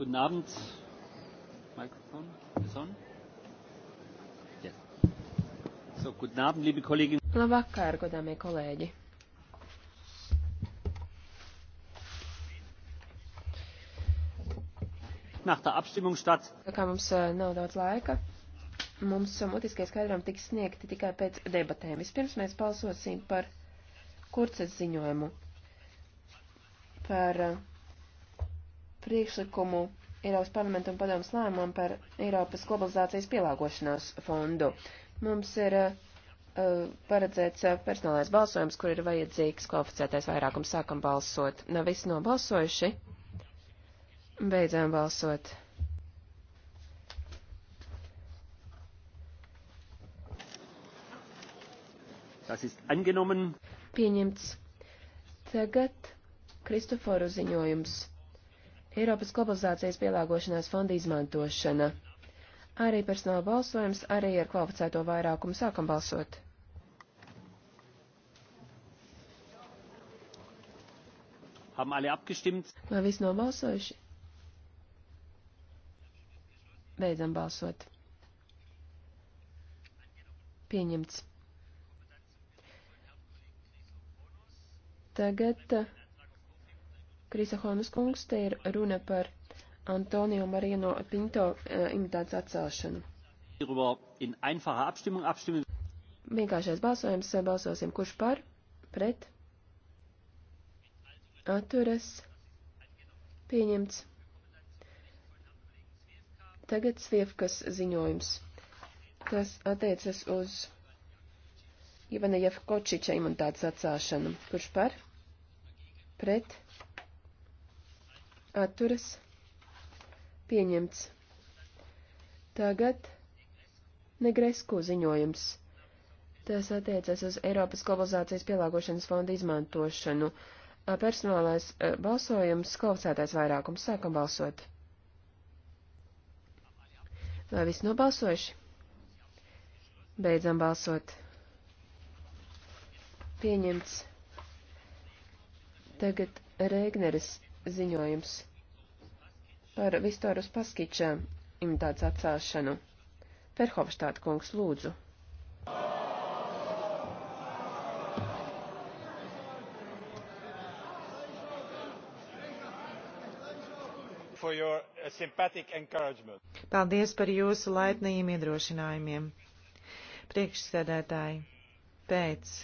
Guten Abend. Mikrofon is on. Yeah. So, guten Abend, liebe Kolleginnen. Labvakar, godāmie kolēģi. Nach der Abstimmung statt. Tā kā mums eh, nav daudz laika, mums mutiskie skaidrojumi tiks sniegti tikai pēc debatēm. Vispirms mēs balsosim par kurces ziņojumu par uh, priekšlikumu Eiropas parlamentu un padomas lēmumu par Eiropas globalizācijas pielāgošanās fondu. Mums ir uh, paredzēts uh, personālais balsojums, kur ir vajadzīgs kvalificētais vairākums. Sākam balsot. Nav visi nobalsojuši. Beidzām balsot. Tas ir angenomen. Pieņemts. Tagad Kristoforu ziņojums. Eiropas globalizācijas pielāgošanās fonda izmantošana. Arī personāla balsojums, arī ar kvalificēto vairākumu sākam balsot. Vai viss nobalsojuši? Beidzam balsot. Pieņemts. Tagad. Uh, Krīsa Holmas kungs, te ir runa par Antonio Marieno Pinto eh, imitācijas atcelšanu. Vienkāršais balsojums. Eh, balsosim, kurš par, pret, atturas, pieņemts. Tagad Svievkas ziņojums. Tas attiecas uz Ivana Jefkočiča imitācijas atcelšanu. Kurš par, pret, atturas atturas, pieņemts. Tagad negresko ziņojums. Tas attiecas uz Eiropas globalizācijas pielāgošanas fonda izmantošanu. Personālais balsojums, klausētais vairākums, sākam balsot. Vai viss nobalsojuši? Beidzam balsot. Pieņemts. Tagad Rēgneris ziņojums par Vistoru Spaskiča imitāts atcelšanu. Perhovštāt kungs lūdzu. Uh, Paldies par jūsu laipnajiem iedrošinājumiem. Priekšsēdētāji, pēc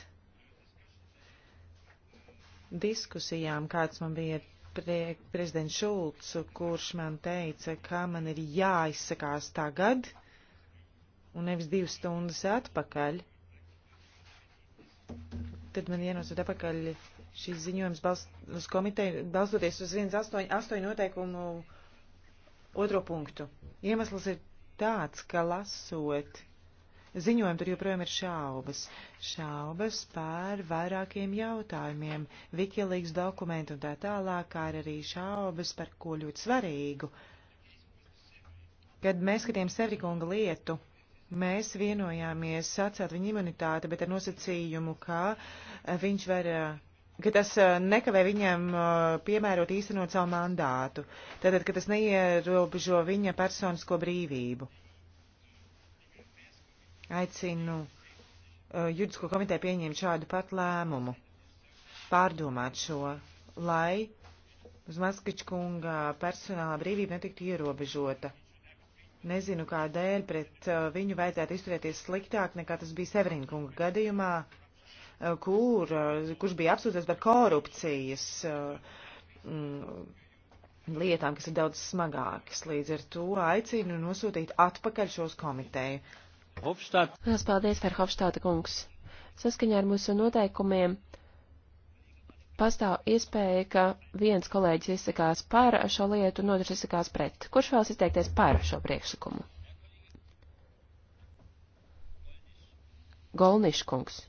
diskusijām, kāds man bija priek, prezidents Šulcs, kurš man teica, kā man ir jāizsakās tagad un nevis divas stundas atpakaļ. Tad man ienosot atpakaļ šīs ziņojums balst, uz komiteju, balstoties uz 1.8 noteikumu otro punktu. Iemesls ir tāds, ka lasot ziņojumu, tur joprojām ir šaubas. Šaubas par vairākiem jautājumiem, Wikileaks dokumentu un tā tālāk, kā arī šaubas par ko ļoti svarīgu. Kad mēs skatījām Sevrikunga lietu, mēs vienojāmies atcelt viņa imunitāti, bet ar nosacījumu, ka eh, viņš var eh, ka tas eh, nekavē viņam piemērot īstenot savu mandātu, tātad, ka tas neierobežo viņa personisko brīvību. Aicinu uh, juridisko komiteju pieņemt šādu pat lēmumu, pārdomāt šo, lai uz Maskačkunga personāla brīvība netiktu ierobežota. Nezinu, kādēļ pret uh, viņu vajadzētu izturēties sliktāk nekā tas bija Severinkunga gadījumā, uh, kur, uh, kurš bija apsūdzēts par korupcijas uh, mm, lietām, kas ir daudz smagākas. Līdz ar to aicinu nosūtīt atpakaļ šos komiteju. Hofstāt. Lielas paldies, Verhofstāta kungs. Saskaņā ar mūsu noteikumiem pastāv iespēja, ka viens kolēģis izsakās par šo lietu, un otrs izsakās pret. Kurš vēlas izteikties par šo priekšlikumu? Golniškungs.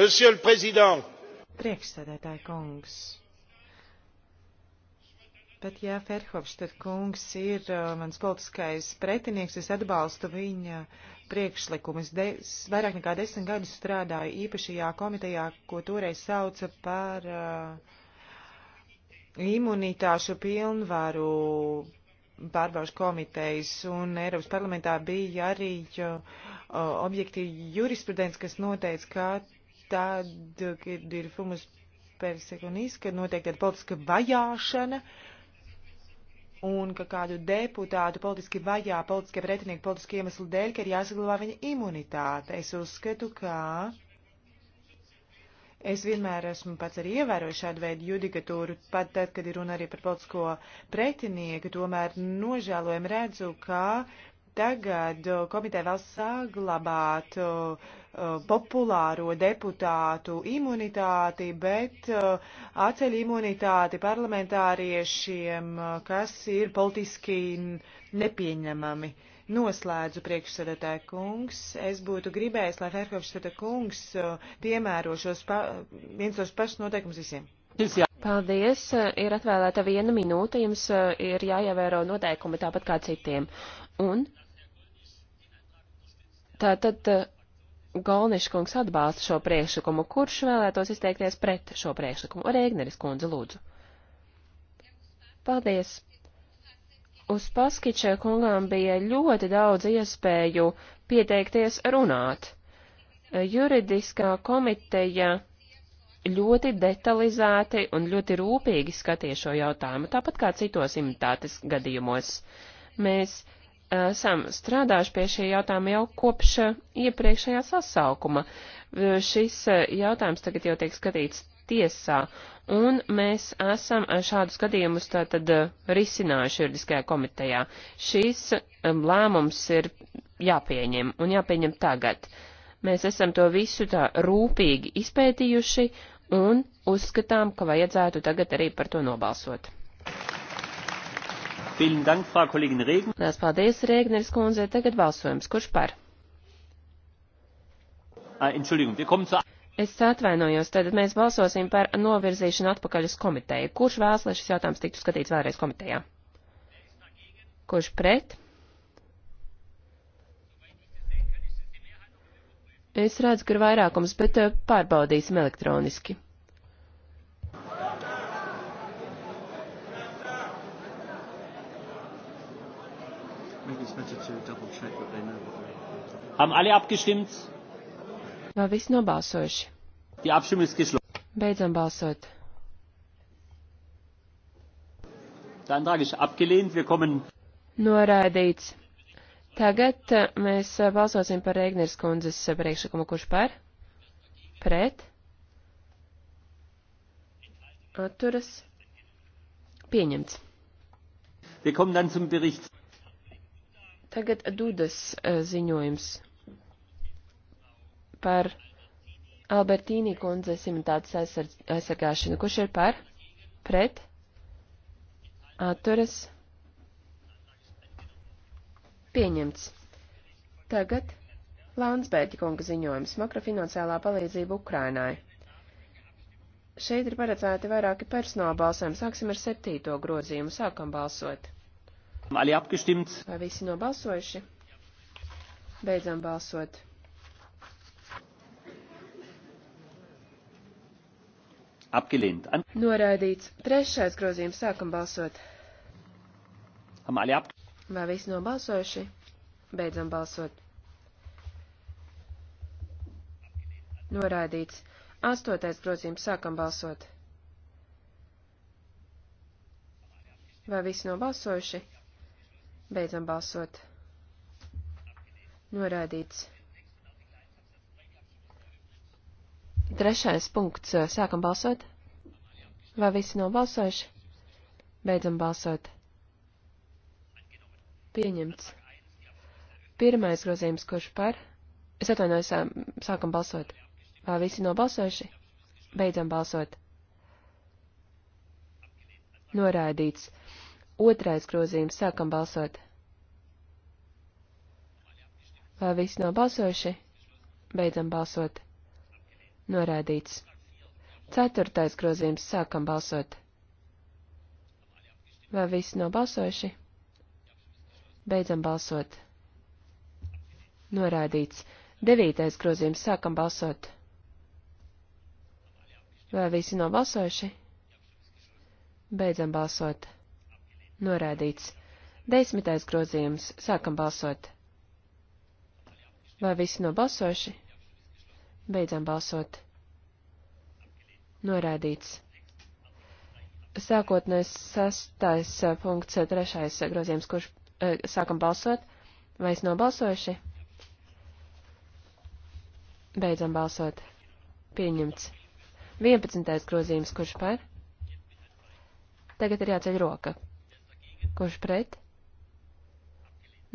Monsieur le Président. Priekšsēdētāji kungs. Bet, ja Ferhofstad kungs ir uh, mans politiskais pretinieks, es atbalstu viņa priekšlikumus. Vairāk nekā desmit gadus strādāju īpašajā komitejā, ko toreiz sauca par uh, imunitāšu pilnvaru pārbaužu komitejas, un Eiropas parlamentā bija arī uh, objektīvi jurisprudents, kas noteica, ka tad, kad ir fumus persekunis, ka notiek tāda politiska vajāšana, uh, un ka kādu deputātu politiski vajā, politiskie pretinieki, politiski iemesli dēļ, ka ir jāsaglabā viņa imunitāte. Es uzskatu, ka es vienmēr esmu pats arī ievērojis šādu veidu judikatūru, pat tad, kad ir runa arī par politisko pretinieku, tomēr nožēlojam redzu, ka Tagad uh, komiteja vēl saglabāt uh, populāro deputātu imunitāti, bet uh, atceļ imunitāti parlamentāriešiem, uh, kas ir politiski nepieņemami. Noslēdzu priekšsēdētāju kungs. Es būtu gribējis, lai Ferhofštata kungs uh, piemēro šos pa, viens tos pašus noteikumus visiem. Paldies. Ir atvēlēta viena minūte. Jums ir jāievēro noteikumi tāpat kā citiem. Un Tātad eh, Golniškungs atbalsta šo priekšlikumu. Kurš vēlētos izteikties pret šo priekšlikumu? Rēgneris kundze, lūdzu. Paldies! Uz Paskičē kungām bija ļoti daudz iespēju pieteikties runāt. Eh, juridiskā komiteja ļoti detalizēti un ļoti rūpīgi skatīja šo jautājumu, tāpat kā citos imitātes gadījumos. Mēs esam strādājuši pie šī jautājuma jau kopš eh, iepriekšējā sasaukuma. Šis eh, jautājums tagad jau tiek skatīts tiesā, un mēs esam eh, šādus gadījumus tātad risinājuši juridiskajā komitejā. Šīs lēmums ir jāpieņem, un jāpieņem tagad. Mēs esam to visu tā rūpīgi izpētījuši un uzskatām, ka vajadzētu tagad arī par to nobalsot. Lielas paldies, Rēgneris kundze. Tagad balsojums. Kurš par? Ah, es atvainojos, tad mēs balsosim par novirzīšanu atpakaļ uz komiteju. Kurš vēlas, lai šis jautājums tiktu skatīts vēlreiz komitejā? Kurš pret? Es redzu, ka ir vairākums, bet eh, pārbaudīsim elektroniski. Haben alle abgestimmt? Vai visi nobalsojuši? Die Abstimmung ist geschlossen. Beidzam balsot. Der Antrag ist abgelehnt. Wir kommen. Noraidīts. Tagad eh, mēs eh, balsosim par Eigneres kundzes eh, priekšlikumu, kurš par? Pret? Atturas? Pieņemts. Wir kommen dann zum Bericht. Tagad Dudas eh, ziņojums par Albertīni kundzes imitātes aizsargāšanu. Kurš ir par? Pret? Atturas? Pieņemts. Tagad Launsbērķa kunga ziņojums - makrofinansiālā palīdzība Ukrainai. Šeit ir paredzēti vairāki personāla balsojumi. Sāksim ar septīto grozījumu. Sākam balsot. Vai visi nobalsojuši? Beidzam balsot. Apgelehnt. Noraidīts. Trešais grozījums. Sākam balsot. Vai visi nobalsojuši? Beidzam balsot. Noraidīts. Astotais grozījums. Sākam balsot. Vai visi nobalsojuši? Beidzam balsot. Norādīts. Trešais punkts. Sākam balsot. Vai visi nav balsojuši? Beidzam balsot. Pieņemts. Pirmais grozījums, kurš par? Es atvainojos, sākam balsot. Vai visi nav balsojuši? Beidzam balsot. Norādīts. Otrais grozījums. Sākam balsot. Vai visi nav balsojuši? Beidzam balsot. Norādīts. Ceturtais grozījums. Sākam balsot. Vai visi nav balsojuši? Beidzam balsot. Norādīts. Devītais grozījums. Sākam balsot. Vai visi nav balsojuši? Beidzam balsot. Norādīts. Desmitais grozījums. Sākam balsot. Vai visi nobalsojuši? Beidzam balsot. Norādīts. Sākotnēs sastais eh, punkts, eh, trešais grozījums, kurš e, sākam balsot. Vai es nobalsojuši? Beidzam balsot. Pieņemts. 11. grozījums, kurš par? Tagad ir jāceļ roka. Kurš pret?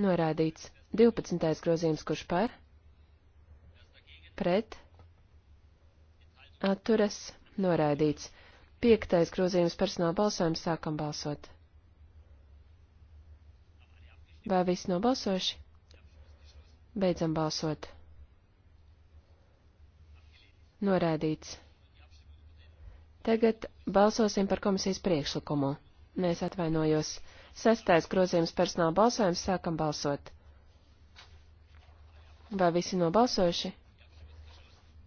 Norādīts. 12. grozījums, kurš par? Pret. Atturas. Norādīts. 5. grozījums personāla balsojums sākam balsot. Vai viss nobalsoši? Beidzam balsot. Norādīts. Tagad balsosim par komisijas priekšlikumu. Nē, es atvainojos. Sestais grozījums personāla balsojums. Sākam balsot. Vai visi nobalsojuši?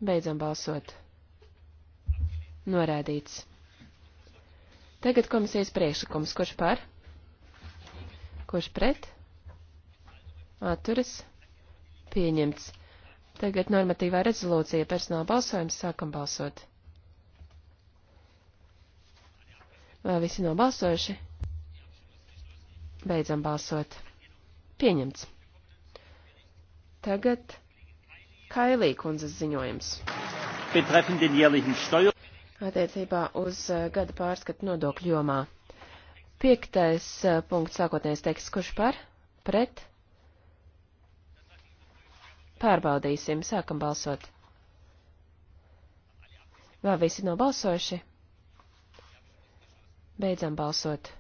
Beidzam balsot. Norādīts. Tagad komisijas priekšlikums. Kurš par? Kurš pret? Atturas. Pieņemts. Tagad normatīvā rezolūcija personāla balsojums. Sākam balsot. Vai visi nobalsojuši? Beidzam balsot. Pieņemts. Tagad Kailī kundzes ziņojums. Attiecībā uz uh, gada pārskatu nodokļu jomā. Piektais uh, punkts sākotnējais teksts, kurš par? Pret? Pārbaudīsim, sākam balsot. Vai visi nobalsojuši? Beidzam balsot.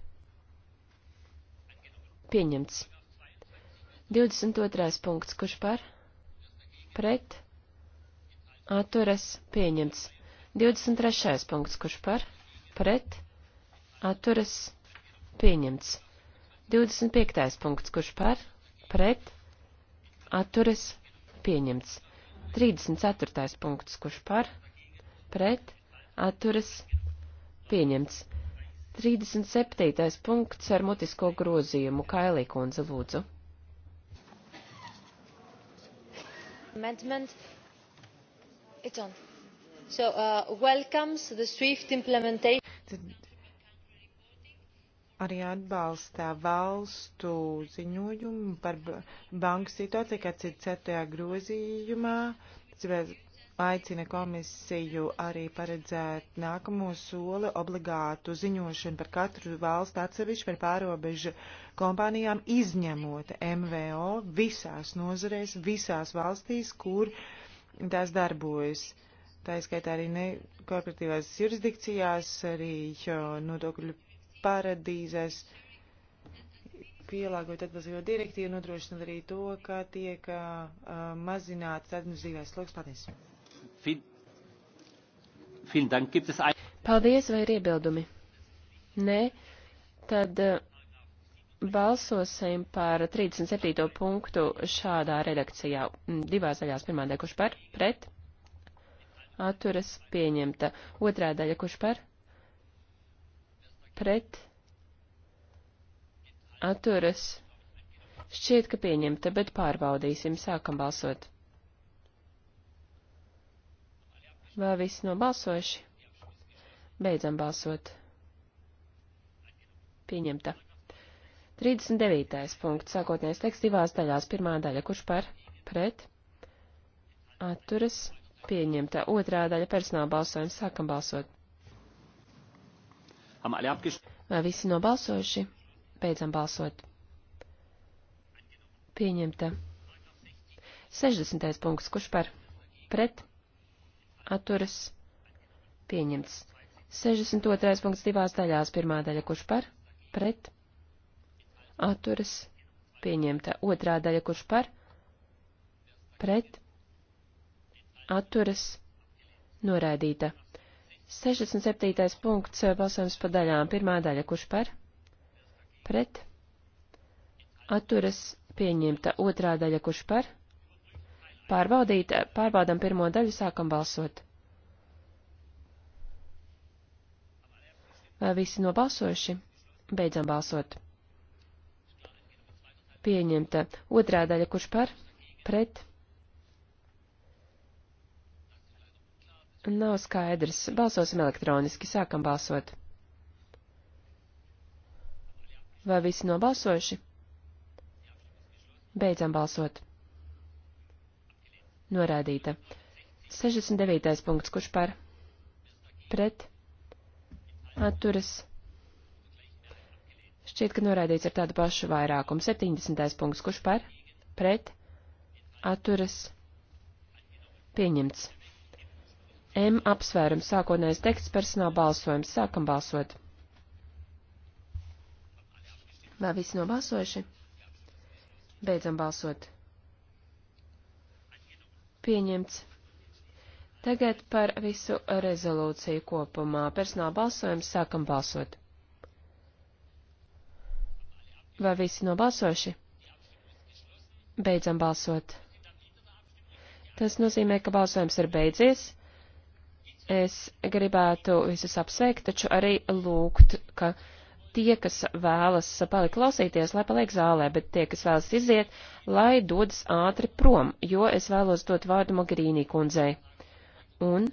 Pieņemts. 22. punkts. Kurš par? Pret. Atturas. Pieņemts. 23. punkts. Kurš par? Pret. Atturas. Pieņemts. 25. punkts. Kurš par? Pret. Atturas. Pieņemts. 34. punkts. Kurš par? Pret. Atturas. Pieņemts. 37. punkts ar mutisko grozījumu. Kailī kundze, lūdzu. Amendment. It's on. So, uh, welcomes the swift implementation. Arī atbalstā valstu ziņojumu par banku situāciju, kāds ir 4. grozījumā, aicina komisiju arī paredzēt nākamo soli obligātu ziņošanu par katru valstu atsevišķi par pārobežu kompānijām, izņemot MVO visās nozarēs, visās valstīs, kur tās darbojas. Tā izskaitā arī nekorporatīvās jurisdikcijās, arī nodokļu paradīzēs pielāgojot atbilstīgo direktīvu, nodrošinot arī to, ka tiek uh, mazināts administratīvais sloks. Paldies! Paldies, vai ir iebildumi? Nē, tad eh, balsosim par 37. punktu šādā redakcijā. Mm, divās daļās pirmā daļa, kurš par, pret, atturas pieņemta. Otrā daļa, kurš par, pret, atturas. Šķiet, ka pieņemta, bet pārbaudīsim, sākam balsot. Vai visi nobalsojuši? Beidzam balsot. Pieņemta. 39. punkts. Sākotnējais teksts divās daļās. Pirmā daļa. Kurš par? Pret? Atturas. Pieņemta. Otrā daļa. Personāla balsojums. Sākam balsot. Vai visi nobalsojuši? Beidzam balsot. Pieņemta. 60. punkts. Kurš par? Pret? atturas pieņemts. 62. punkts divās daļās, pirmā daļa kurš par, pret, atturas pieņemta, otrā daļa kurš par, pret, atturas noraidīta. 67. punkts balsojums pa daļām. Pirmā daļa, kurš par? Pret. Atturas pieņemta. Otrā daļa, kurš par? pārbaudīt, pārbaudam pirmo daļu, sākam balsot. Vai visi nobalsojuši? Beidzam balsot. Pieņemta. Otrā daļa, kurš par? Pret? Nav skaidrs. Balsosim elektroniski. Sākam balsot. Vai visi nobalsojuši? Beidzam balsot. Norādīta. 69. punkts, kurš par? Pret? Atturas. Šķiet, ka norādīts ar tādu pašu vairākumu. 70. punkts, kurš par? Pret? Atturas. Pieņemts. M apsvērums sākotnējais teksts personāla balsojums. Sākam balsot. Vai visi nobalsojuši? Beidzam balsot. Pieņemts. Tagad par visu rezolūciju kopumā. Personāla balsojums sākam balsot. Vai visi nobalsoši? Beidzam balsot. Tas nozīmē, ka balsojums ir beidzies. Es gribētu visus apsveikt, taču arī lūgt, ka tie, kas vēlas palikt klausīties, lai paliek zālē, bet tie, kas vēlas iziet, lai dodas ātri prom, jo es vēlos dot vārdu Mogherīnī kundzei. Un